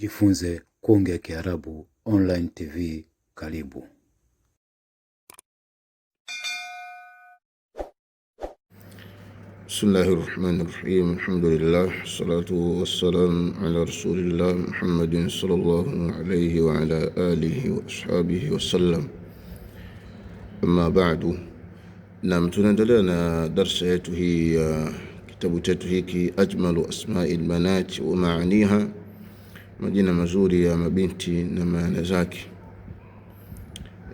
Jifunze kuongea Kiarabu online TV karibu. Bismillahi rahmani rahim. Alhamdulillah wassalatu wassalam ala rasulillah Muhammadin sallallahu alayhi wa ala alihi wa ashabihi wasallam. Amma ba'du, nam, tunaendelea na darsa yetu hii ya uh, kitabu chetu hiki Ajmalu asmai lmanat wa maaniha majina mazuri ya mabinti na maana zake.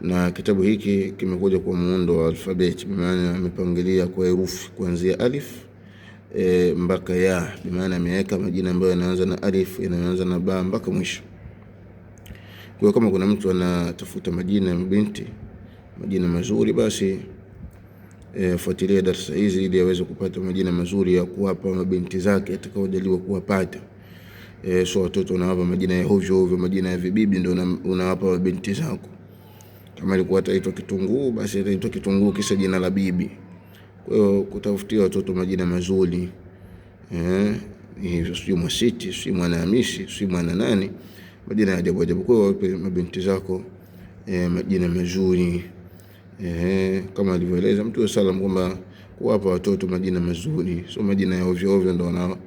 Na kitabu hiki kimekuja kwa muundo wa alfabeti, bimaana amepangilia kwa herufi kuanzia alif e, mpaka ya, bimaana ameweka majina ambayo yanaanza na alif yanaanza na ba mpaka mwisho. Kwa kama kuna mtu anatafuta majina ya mabinti majina mazuri, basi e, fuatilia darasa hizi ili aweze kupata majina mazuri ya kuwapa mabinti zake atakaojaliwa kuwapata eh, so watoto unawapa majina ya hovyo hovyo, majina ya vibibi ndio unawapa mabinti zako. Kama ilikuwa ataitwa Kitunguu, basi ataitwa Kitunguu kisha jina la bibi. Kwa hiyo kutafutia watoto majina mazuri eh, hivyo sio Mwasiti, sio Mwanahamisi, sio mwana nani, majina ya ajabu ajabu. Kwa hiyo wape mabinti zako eh, majina mazuri eh, kama alivyoeleza Mtume salam kwamba kuwapa watoto majina mazuri, sio majina ya ovyo ovyo ndio unawapa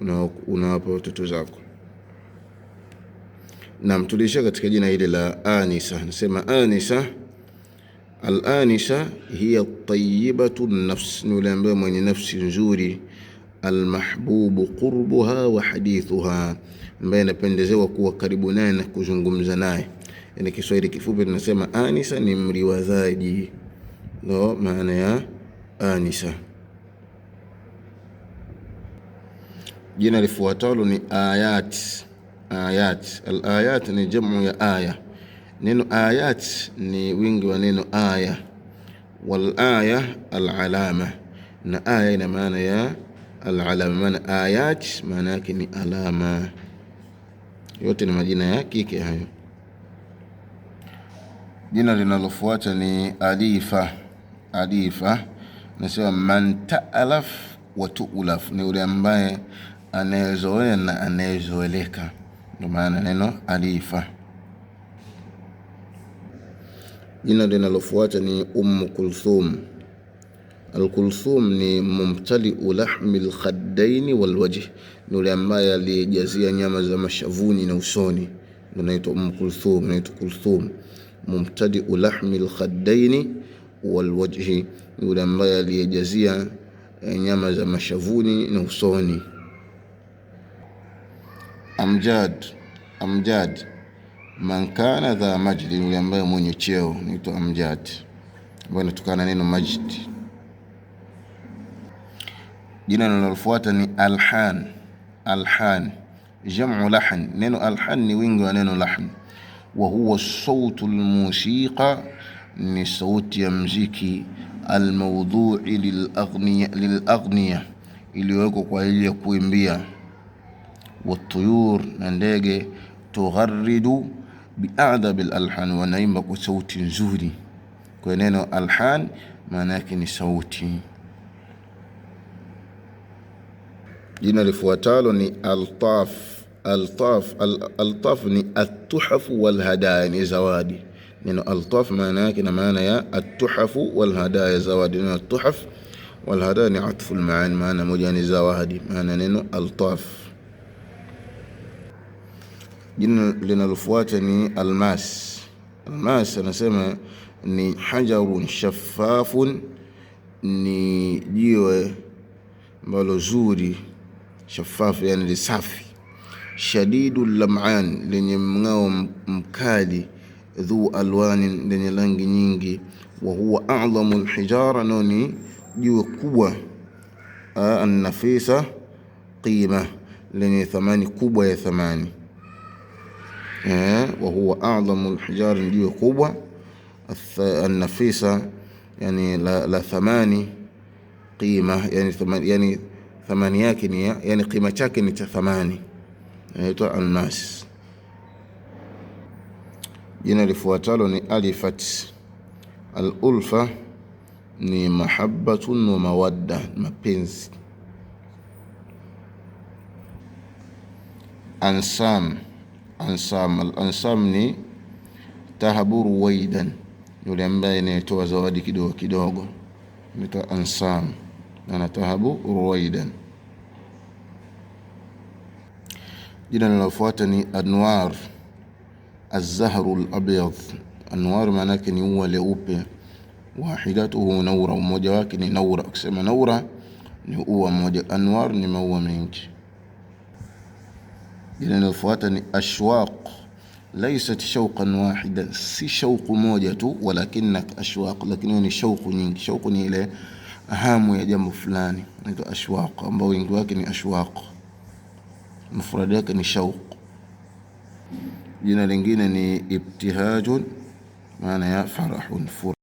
una, una watoto zako. Naam, tuliishia katika jina hili la anisa. Nasema anisa, al-anisa hiya tayyibatu nafs, ni yule ambaye mwenye nafsi nzuri. Almahbubu qurbuha wa hadithuha, ambaye anapendezewa kuwa karibu naye na kuzungumza naye. Yani Kiswahili kifupi tunasema anisa ni mliwazaji, ndo maana ya anisa. Jina lifuatalo ni ayati ayat. Al ayat ni jamu ya aya. Neno ayat ni wingi wa neno aya. Wal aya al alama, na aya ina maana ya al alama. Maana ayat maana yake ni alama. Yote ni majina ya kike hayo. Jina linalofuata ni alifa. Alifa nasema man taalaf wa tuulaf, ni yule ambaye anayezoea na anayezoeleka. Ndio maana neno alifa. Jina linalofuata ni Ummu Kulthum. Alkulthum ni mumtaliu lahmi lkhaddaini walwajhi, ni yule ambaye aliyejazia nyama za mashavuni na usoni, naitwa Ummu Kulthum, naitwa Kulthum. Mumtadiu lahmi lkhaddaini walwajhi, ni yule ambaye aliyejazia eh, nyama za mashavuni na usoni. Amjad, Amjad, kana dha majdi, yule ambaye mwenye cheo naitwa Amjad, ambayo inatokana neno majdi. Jina linalofuata ni alhan. Alhan jamu lahn, neno alhan ni wingi wa neno lahn. Wa huwa sautu almusiqa, ni sauti ya mziki lilaghniya, lilaghniya, iliyowekwa kwa ajili ya kuimbia والطيور نلاقي تغرد بأعذب الألحان ونعيم بصوت زوري كوينينو ألحان ماناكن صوتي جينا لفواتالو ني ألطاف ألطاف ألطاف ني التحف والهدايا ني زوادي نينو ألطاف ماناكن مانا يا التحف والهدايا زوادي نينو التحف والهدايا ني عطف المعاني مانا مجاني زوادي مانا نينو ألطاف Jina linalofuata ni almas. Almas anasema ni hajarun shaffafun, ni jiwe ambalo zuri shafafu, yani lisafi. Shadidu lam'an, lenye mng'ao mkali. Dhu alwanin, lenye rangi nyingi. Wa huwa a'dhamu alhijara, nao ni jiwe kubwa. Annafisa qima, lenye thamani kubwa ya thamani وهو أعظم الحجار ليه قوة النفيسة يعني لثماني قيمة يعني ثماني يعني ثمانية يعني قيمة شاكن ثماني يعني تو الناس جينا لفواتالو ني ألفت الألفة ني محبة ومودة مبينز أنسام ansam. Al-ansam ni tahaburu waidan, yule ambaye anayetoa zawadi kidogo kidogo, anaitwa ansam, ana tahabu ruwaidan Jina linalofuata ni anwar azahru labyad Anwar maana yake ni ua leupe, wahidatuhu naura, mmoja wake ni naura. Ukisema naura ni ua moja, anwar ni maua mengi. Linalofuata ni ashwaq, laisat shauqan wahida, si shauku moja tu, walakinna ashwaq, lakini ni shauku nyingi. Shauku ni ile hamu ya jambo fulani, inaitwa ashwaq, ambao wingi wake ni ashwaq, mufradi yake ni shauq. Jina lingine ni ibtihajun, maana ya farahun furaha